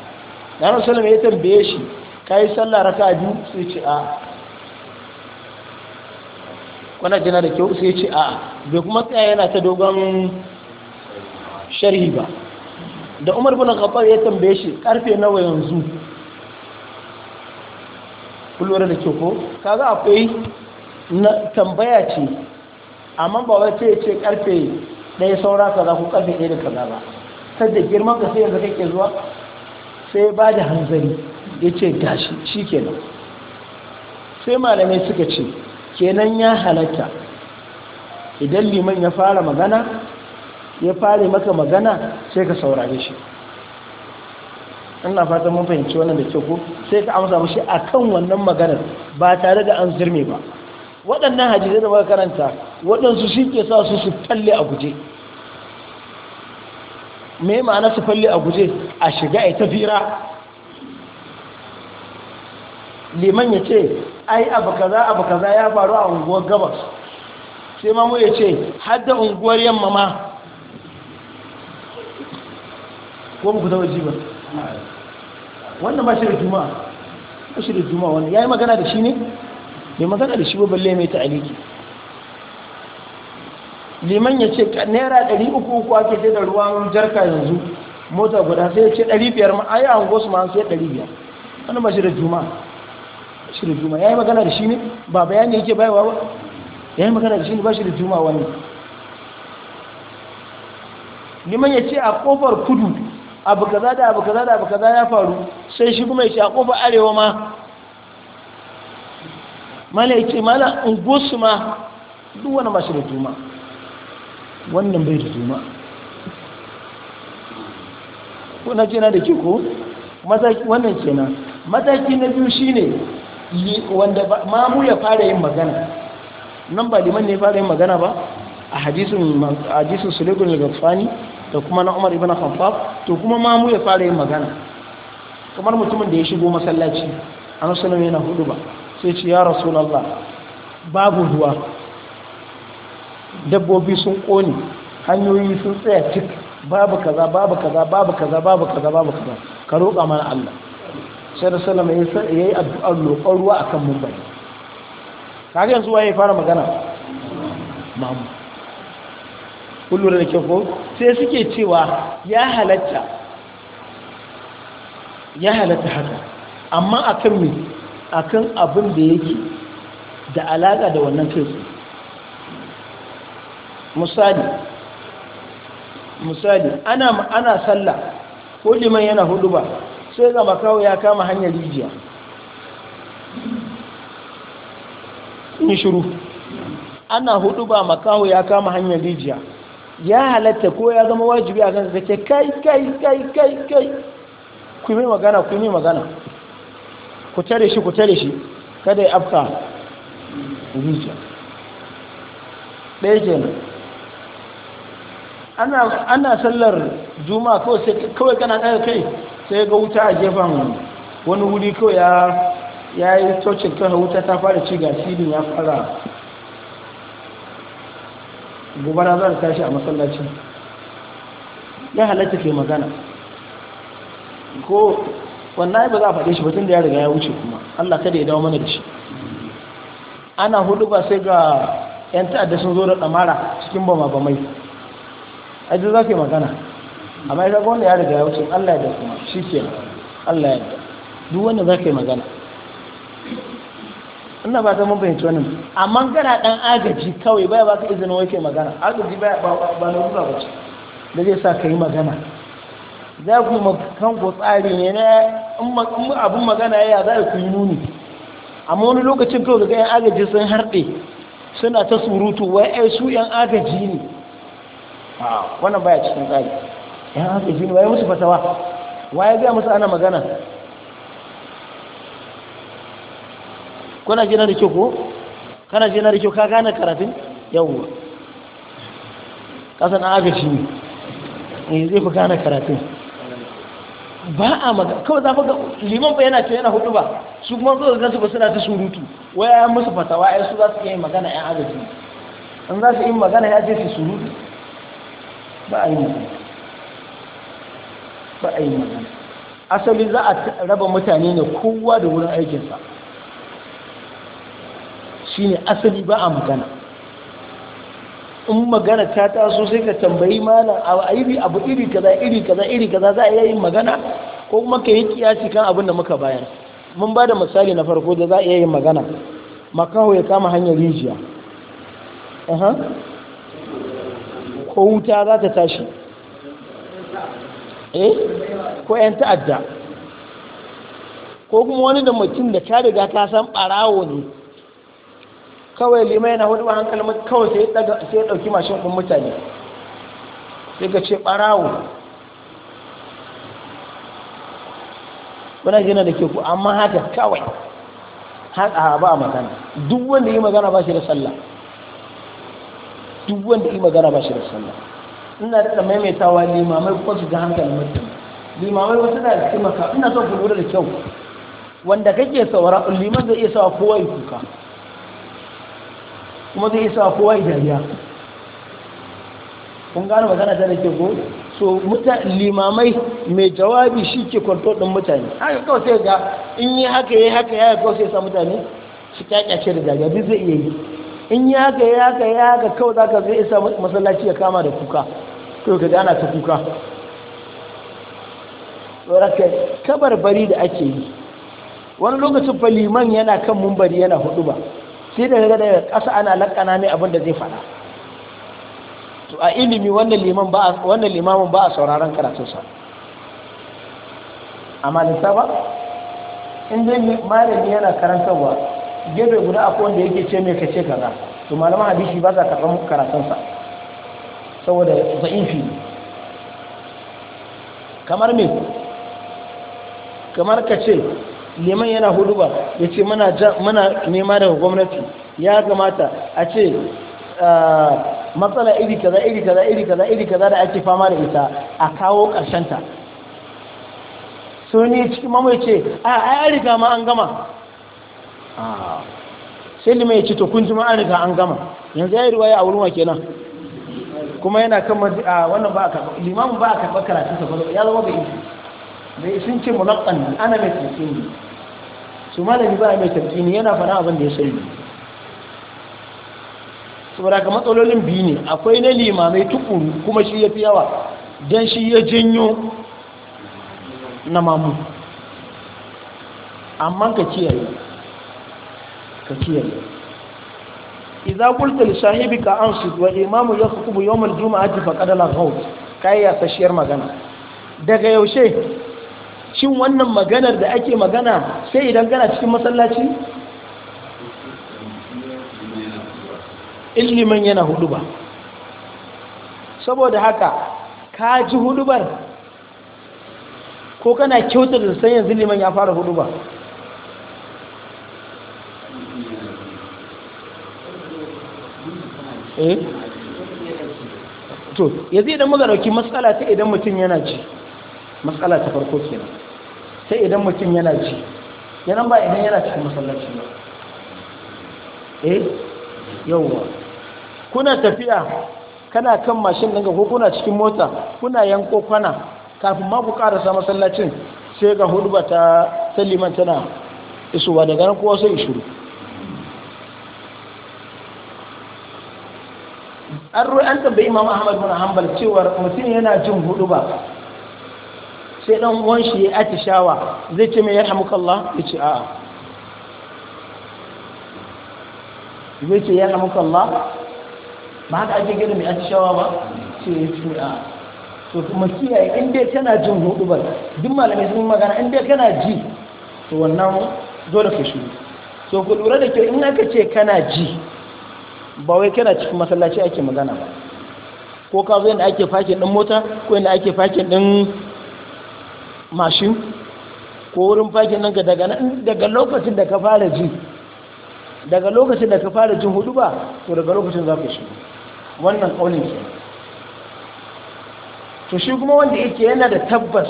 yanar salam ya tambaye shi ka yi sallah raka biyu sai ce a kwana jina da kyau sai ce a bai kuma tsaya yana ta dogon sharhi ba da umar bin khattab ya tambaye shi karfe nawa yanzu kullura da kyau ko kaga akwai tambaya ce amma ba wai sai ce karfe ɗaya saura kaza ko karfe ɗaya da kaza ba sai da girman ka sai yanzu kake zuwa sai ba da hanzari ya ce gashi shi kenan sai malamai suka ce kenan ya halatta idan liman ya fara magana ya fare maka magana sai ka saurare shi ina fatan mun fahimci wannan da kyau ko sai ka amsa mushi akan wannan maganar ba tare da an zirme ba waɗannan hadisai da muka karanta waɗansu shi ke sa su su falle a guje me ma'ana su falle a guje a shiga a tafira liman ya ce ai abu kaza abu kaza ya faru a unguwar gabas sai mamu ya ce hadda unguwar yamma ma ko mu taɓa ji ba wannan ba shi da juma'a ba shi da juma wannan ya yi magana da shi ne mai magana da shi ba balle mai ta'aliki liman ya ce naira ɗari uku uku ake ce da ruwan jarka yanzu mota guda sai ya ce ɗari biyar ma a yi a unguwar su ma sai ɗari biyar wannan ba shi da juma'a shi da juma ya yi magana da shi ne ba bayani yake bayarwa ba ya yi magana da shi ne ba shi da juma wani liman ya ce a kofar kudu abu kaza da abu kaza da abu kaza ya faru sai shi kuma ya ce a kofar arewa ma mala ya ce mala ungosu ma duk wani ba shi da juma wannan bai da juma ko na ce na da ke ko wannan kenan mataki na biyu shine wanda mu ya fara yin magana nan ba liman ne fara yin magana ba a hadisin hadisun sulaiman al-gafani da kuma na Umar ibn Khattab to kuma ma mu ya fara yin magana kamar mutumin da ya shigo masallaci an sallama yana hudu ba sai ce ya rasulullah babu ruwa dabbobi sun kone hanyoyi sun tsaya tik babu kaza babu kaza babu kaza babu kaza babu kaza ka roƙa mana Allah sai da salama ya yi addu'ar roƙon ruwa a kan mumbai kaga yanzu waye fara magana mamu kullum da kyau ko sai suke cewa ya halatta ya halatta haka amma akan a kan abin da yake da alaƙa da wannan kai misali misali ana ana sallah ko liman yana hudu ba sai ga makawo ya kama hanyar rijiya in shiru ana hudu ba makaho ya kama hanyar rijiya ya halatta ko ya zama wajibi a kansa zake kai kai kai kai kai ku mai magana ku mai magana ku tare shi ku tare shi kada ya afka rijiya ɗaya nan. ana sallar juma'a kawai kana ɗaya kai sai ga wuta a gefen wani wuri kawai ya ya yi cocin kan wuta ta fara ci ga filin ya fara gobara za ta tashi a matsalacin ya halatta ke magana ko wannan ba za a faɗe shi batun da ya riga ya wuce kuma allah kada ya dawo mana da shi ana hudu ba sai ga 'yan ta'adda sun zo da ɗamara cikin bama mai aji za ka yi magana amma ya zaga wanda ya riga ya wuce Allah ya da kuma shi ke Allah ya duk wanda za ka yi magana ina ba ta mun fahimci wannan amma kana dan agaji kawai baya ba ka izinin wai ke magana agaji baya ba na ruka ba da zai sa ka yi magana za ku yi kan ku tsari ne na in abin magana ya za ku yi nuni amma wani lokacin kawai ga yan agaji sun harbe, suna ta surutu wai ai su yan agaji ne wannan baya cikin tsari ya haka shi ne waye musu fatawa waye gaya musu ana magana kuna jina da kyau ko kana jina da kyau ka gane karatun yau? kasan an haka shi ne eh, zai fi gane karatun ba a magana kawai zafi ga liman ba yana ce yana hudu ba su kuma zuwa ga su ba suna ta surutu waya ya musu fatawa ya su za su yi magana ya agaji in za su yi magana ya ce su surutu ba a yi magana ba a yi magana asali za a raba mutane ne kowa da wurin aikinsa shi ne asali ba a magana in magana ta taso sai ka tambayi malam a iri abu iri kaza iri kaza iri kaza za a iya yin magana ko kuma ka yi kiyaci kan abin da muka bayar mun ba da misali na farko da za a iya yin magana makaho ya kama hanyar rijiya ko wuta za ta tashi eh ko 'yan ta'adda ko kuma wani da mutum da ka riga ka san ɓarawo ne kawai limai na hudu hankali kawai sai ya ɗauki mashin kun mutane sai ka ce ɓarawo wani gina da ke ku amma haka kawai haka ba a magana duk wanda yi magana ba shi da sallah duk wanda yi magana ba shi da sallah ina da maimaitawa limamai kuma su ga hankalin mutum limamai wasu da cikin maka ina son ku lura da kyau wanda kake saura liman zai iya sawa kowa yi kuka kuma zai iya sawa kowa yi dariya kun gano magana ta da ke ko so limamai mai jawabi shi ke kwanto ɗin mutane haka kawai sai ga in yi haka yi haka ya kawai sai sa mutane su kyakyace da dariya duk zai iya yi in ya ga ya ga ya ga kawai za ka zai isa masallaci ya kama da kuka to ka gana ta kuka tsoraka kabarbari da ake yi wani lokacin faliman yana kan mumbari yana hudu ba sai da daga daga kasa ana lakana ne abin da zai faɗa to a ilimi wannan liman ba limamin ba a sauraron karatunsa amma ba in dai malami yana karantarwa gebe guda akwai wanda yake ce mai kace kaza to malama habishi ba za ka karɓar karatunsa saboda za'ifi kamar me kamar ka ce liman yana huduba ya ce muna nema daga gwamnati ya kamata a ce matsala iri kaza iri kaza iri kaza iri kaza da ake fama da ita a kawo karshenta so ne cikin mamaye ce a ai riga ma an gama Ah. sai ne ya ce kun jima'a daga an gama yanzu ya yi ruwaya a wurin wa nan. kuma yana kan a wannan ba a karɓa limamin ba a karɓa karatu sa ba ya zama ga isi mai sun ce mulaƙan ana mai ne su malami ba mai ne yana fara abin da ya sani saboda ka matsalolin biyu ne akwai na limamai tukuru kuma shi ya fi yawa don shi ya janyo na mamu amma ka kiyaye ka kiyaye idza qulta li sahibika ansu wa imamu yakhutubu yawm al-jum'ati faqad hau kai ya magana daga yaushe shin wannan maganar da ake magana sai idan kana cikin masallaci Iliman yana ba saboda haka ka ji hudubar ko kana kyautar da san yanzu liman ya fara huɗuba? Eh? to yanzu idan muka dauki matsala ta idan mutum yana ci matsala ta farko kenan sai idan mutum yana ci yanan ba idan yana cikin masallaci ba eh yawa kuna tafiya kana kan mashin daga ko kuna cikin mota kuna yanko kwana kafin ma ku karasa masallacin sai ga hudu ba ta liman tana isuwa daga nan kowa sai shuru. an ruwa an tambayi imam ahmad bin hanbal cewar mutum yana jin hudu ba sai dan uwan shi ya atishawa zai ce mai yarhamuka Allah ya ce a'a zai ce yarhamuka Allah ba haka ake gina mai atishawa ba ce ya ce a'a to kuma kiyaye in dai kana jin hudu ba duk malamai sun magana in dai kana ji to wannan dole ka shi to ku lura da kyau in aka ce kana ji ba wai kana cikin masallaci ake magana ba ko ka zo yadda ake fakin ɗin mota ko yadda ake fakin ɗin mashin ko wurin fakin ɗinka daga lokacin da ka fara ji daga lokacin da ka fara jin hudu ba to daga lokacin za ka shi wannan ƙaunin ke to shi kuma wanda yake yana da tabbas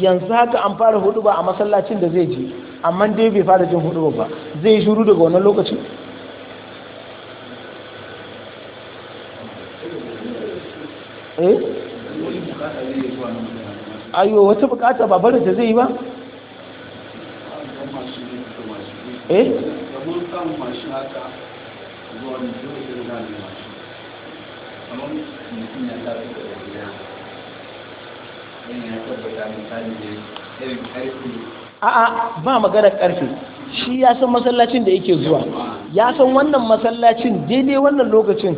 yanzu haka an fara hudu ba a masallacin da zai ji amma dai bai fara jin hudu ba zai shuru daga wannan lokacin eh ayo wata bukata ba barin ta zai ba eh a'a ba magana karfi shi ya san masallacin da yake zuwa ya san wannan masallacin daidai wannan lokacin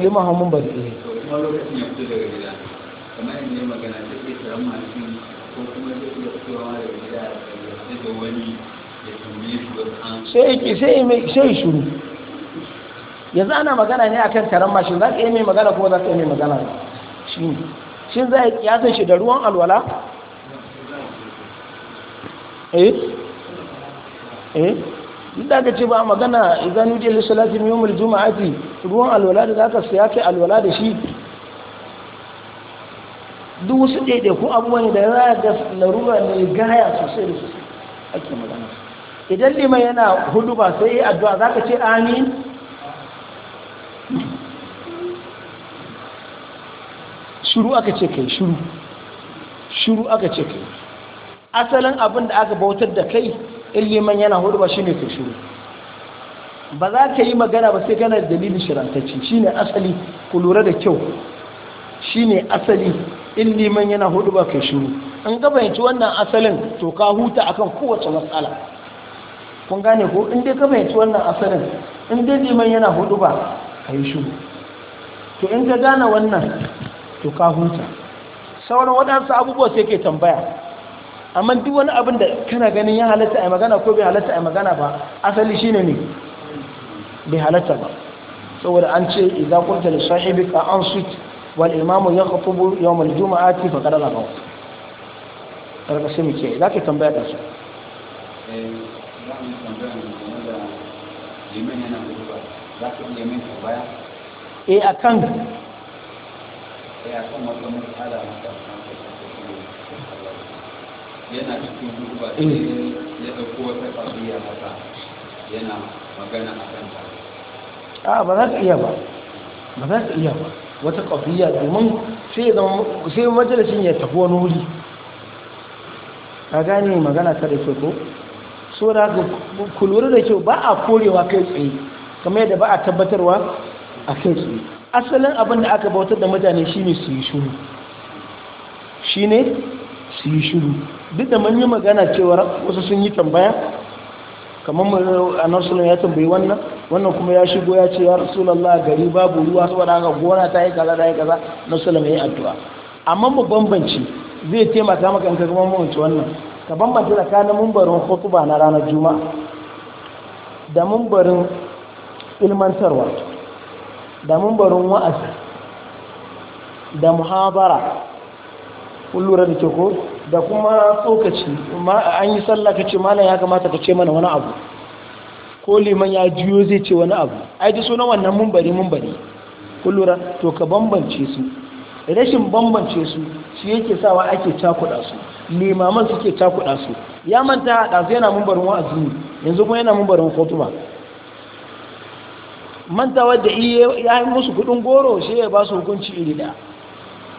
limahamun bari kuma ya fito ya magana yanzu ana magana ne akan taron mashin za ka yi mai magana kuma za ka yi mai magana shi shin za a kiyasan shi da ruwan alwala eh eh duk da aka ce ba magana idan yuje li salati min yawmil juma'ati ruwan alwala da ka saya kai alwala da shi duk wasu daidai ko abubuwan da za ga larura ne gaya sosai da sosai ake magana idan liman yana hudu ba sai addu'a za ka ce amin shuru aka ce kai shuru shuru aka ce kai asalin abin da aka bautar da kai in liman yana hudu ba ne ka shiru ba za ka yi magana ba sai da dalilin shirantacci ne asali ku lura da kyau shi ne asali in liman yana hudu ba ka shiru in ka fahimci wannan asalin to ka huta akan kowace matsala kun gane ko in dai ka fahimci wannan asalin in dai liman yana hudu ba ka yi shiru to in ka gane wannan to ka huta sauran waɗansu abubuwa sai ke tambaya amma duk wani abin da kana ganin ya halatta a magana ko bai halatta a magana ba asali shine ne bai halatta ba saboda an ce da sahibi ka an sut wal imamu khutubu yawm al jum'ati fa qad lafa daga sai muke za ka tambaya da su eh akan eh akan eh, wata matsala yana cikin duba ya ɗauko wata ƙabiya haka yana magana a kanta a ba za ka iya ba ba za ka iya ba wata ƙabiya domin sai majalisun ya tafi wani wuri ka gane magana ta da ke ko so da ku lura da kyau ba a korewa kai tsaye kamar yadda ba a tabbatarwa a kai tsaye asalin abin da aka bautar da mutane shine su yi shuru shine su yi shuru duk da mun yi magana cewa wasu sun yi tambaya kamar anasulun ya tambayi wannan wannan kuma ya shigo ya ce ya rasulallah gari babu ruwa saboda haka gona ta yi kaza ta yi kaza anasulun mai yi addu'a amma mu bambanci zai taimaka maka in ka bambanci wannan ka bambanta tsakanin mumbarin hutuba na ranar juma'a da mumbarin ilmantarwa da mumbarin wa'azi da muhabara kullum da ke ko da kuma tsokaci an yi sallah ka ce malam ya kamata ka ce mana wani abu ko liman ya juyo zai ce wani abu ai ji sunan wannan mumbari mumbari kullura to ka bambance su rashin bambance su shi yake sawa ake cakuɗa su limaman suke cakuɗa su ya manta ɗazu yana mumbarin wa'azi yanzu kuma yana mumbarin kotuma. mantawa da iya ya yi musu kuɗin goro shi ya ba su hukunci iri da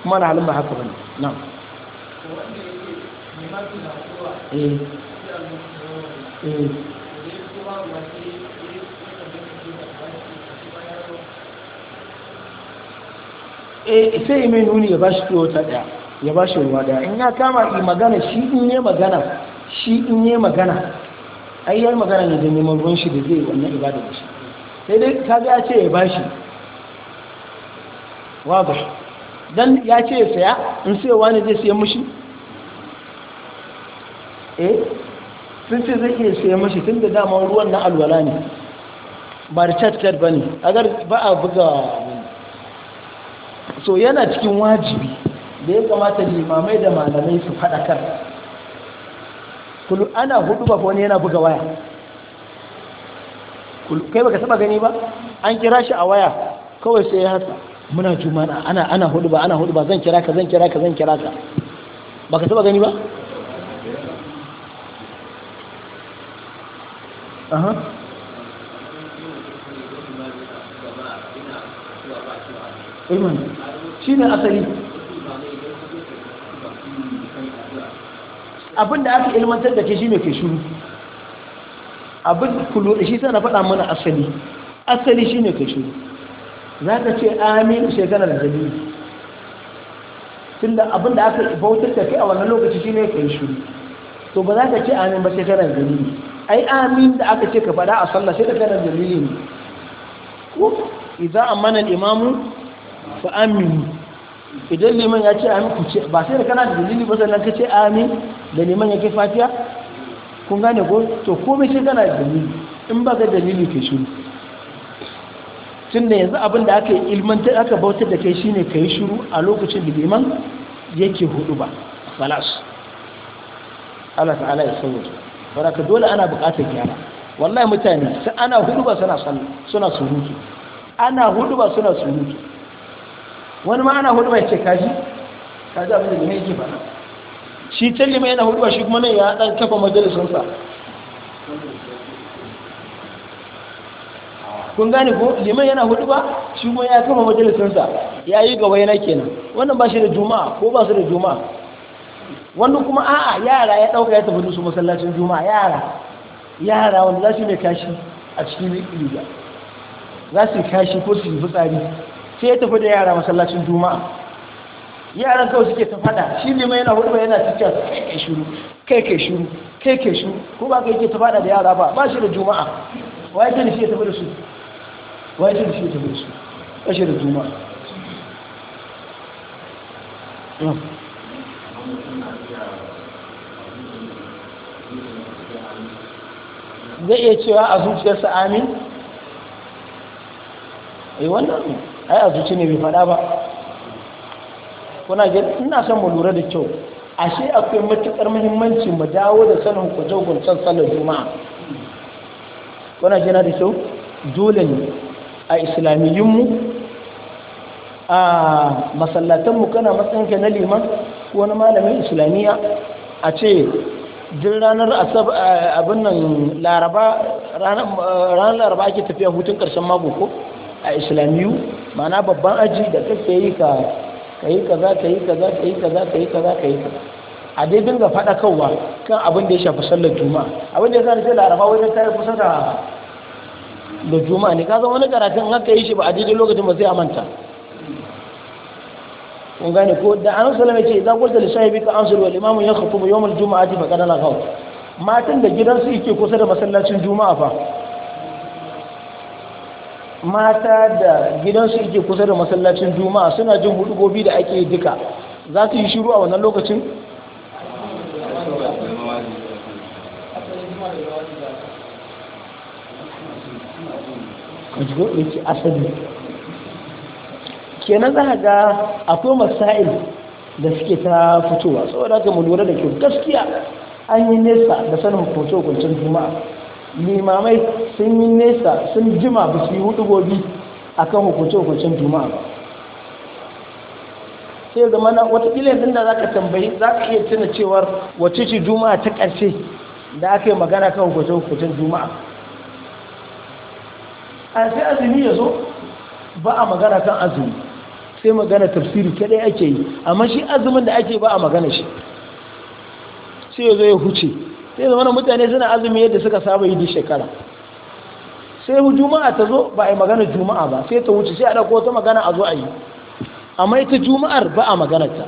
na halin ba haka wani nan. eh sai eh. eh, yi mai nuni ya ba shi tuwo ta ɗaya ya ba shi ruwa ɗaya in ya kama yi magana shi in yi magana shi in yi magana ai magana ne da neman ruwan shi da zai wannan ibada da shi sai dai ka ga ya ce ya ba shi wa ba dan ya ce ya saya in sai wani zai sayan mushi eh sun ce zai iya siya mashi tun da dama ruwan na alwala ne ba chat-chat ba ne agar ba a buga so yana cikin wajibi da ya kamata limamai da malamai su faɗakar kulu ana hudu ba wani yana buga waya kai baka saba gani ba an kira shi a waya kawai sai ya hasa muna juma'a ana ana hudu ba ana hudu ba zan kira ka zan kira ka zan kira ka baka saba gani ba aha iman shi ne asali abinda aka ilmantar da ke shi ne ke shuru abin kulo da shi sana faɗa mana asali asali shi ne ke shuru za ka ce amin shekarar jami'i tunda abinda aka bautar da ke a wannan lokaci shi ne ke shuru to ba za ka ce amin ba shekarar da jami'i ai amin da aka ce ka faɗa a sallah sai da kana dalili ne ko idza amana al-imam fa amin idan liman ya ce amin ku ce ba sai da kana da dalili ba sannan ka ce amin da liman yake fatiha kun gane ko to komai sai kana da dalili in ba ka dalili ke shiru tunda yanzu abin da aka yi aka bautar da kai shine ka yi shiru a lokacin da liman yake hudu ba khalas Allah ta'ala ya sauya ka dole ana buƙatar gyara wallahi mutane sai ana hudu ba suna suna surutu ana hudu ba suna surutu wani ma ana hudu ba ya ce kaji kaji abin da mai yake ba shi can lima yana hudu ba shi kuma ne ya dan kafa majalisunsa kun gane ko liman yana hudu ba shi kuma ya kama majalisunsa ya yi gawai na kenan wannan ba shi da juma'a ko ba su da juma'a wani kuma a'a yara ya ɗauka ya tafi da su masallacin juma'a yara yara wanda za su mai kashi a cikin riga za su kashi ko su yi fitsari sai ya tafi da yara masallacin juma'a yaran kawai suke ta fada shi ne mai yana hudu yana cikin kai kai shuru kai kai shuru kai kai shuru ko ba ka yake ta fada da yara ba ba shi da juma'a wai yake da shi ya tafi da su wai yake shi ya tafi da su ba shi da juma'a hmm. zai iya cewa a zuciyarsa amin ai eh, wannan ai a zuci ne bai faɗa ba kuna ga ina son mu lura da kyau ashe akwai matukar muhimmanci mu dawo da sanin hukunce-hukuncen sallar juma'a kuna jina da kyau dole ne a islamiyyunmu a masallatanmu kana ka na liman ko wani malamin islamiyya a ce duk ranar asab eh, abin nan laraba eh, ranar laraba ake tafiya hutun karshen mako ko a islamiyu mana babban aji da kake yi ka yi kaza za, kaza yi kaza za, kaza yi ka. a dai dinga faɗa kawwa kan abin da ya shafi sallar juma'a abin da ya sani sai laraba wajen ta kusa da da juma'a ne ka zama wani karatun haka yi shi ba a daidai lokacin ba sai a manta kun gane ko da an sallama ce idan qulta sahibi ka ansul wal imamu yakhutubu yawm al kana faqad laghaw matan da gidan su yake kusa da masallacin juma'a fa mata da gidan su yake kusa da masallacin juma'a suna jin hudugobi da ake duka za su yi shiru a wannan lokacin asali kenan za ga akwai masail da suke ta fitowa saboda haka mu lura da kyau gaskiya an yi nesa da sanin hukunce hukuncin juma'a limamai sun yi nesa sun jima ba su yi hudu gobi akan hukunce hukuncin juma'a ba sai zama na watakila yanzu da za ka tambayi za ka iya tuna cewar wacce ce juma'a ta ƙarshe da aka yi magana kan hukunce hukuncin juma'a a sai azumi ya zo ba a magana kan azumi sai magana tafsiri kadai ake yi amma shi azumin da ake ba a magana shi sai ya huce sai zama mutane suna azumi yadda suka saba yi da shekara sai juma'a ta zo ba a yi magana juma'a ba sai ta huce sai a ɗauko ta magana a zo a yi amma ita juma'ar ba a magana ta,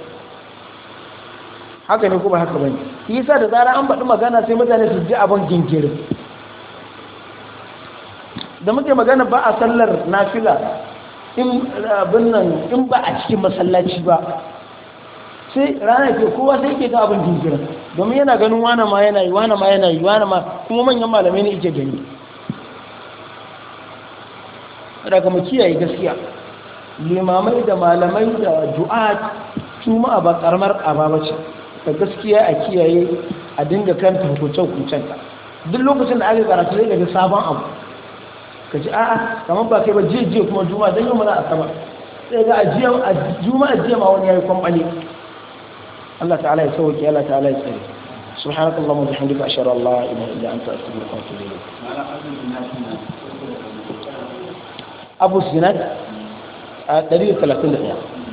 haka ne kuma haka bane yasa da zara an faɗi magana sai mutane su ji abin gingirin da muke magana ba a sallar nafila in ba a cikin masallaci ba sai ranar ke kowa sai ke ga abin jinkirin domin yana ganin wane ma yana yi wane ma yana yi wane ma kuma manyan malamai ne ike gani daga mu kiyaye gaskiya limamai da malamai da du'a su ma ba karamar ababa da gaskiya a kiyaye a dinga kanta hukuncen hukuncen duk lokacin da aka karatu zai daga sabon abu ka ji a'a kamar ba kai ba jiya jiya kuma juma'a don yau a sama sai ga ajiyar a juma'a jiya ma wani yayi kwambale Allah ta'ala ya sauke Allah ta'ala ya tsare subhanakallahumma wa bihamdika ashhadu an la ilaha illa anta astaghfiruka wa atubu ilayk Abu Zinad a 131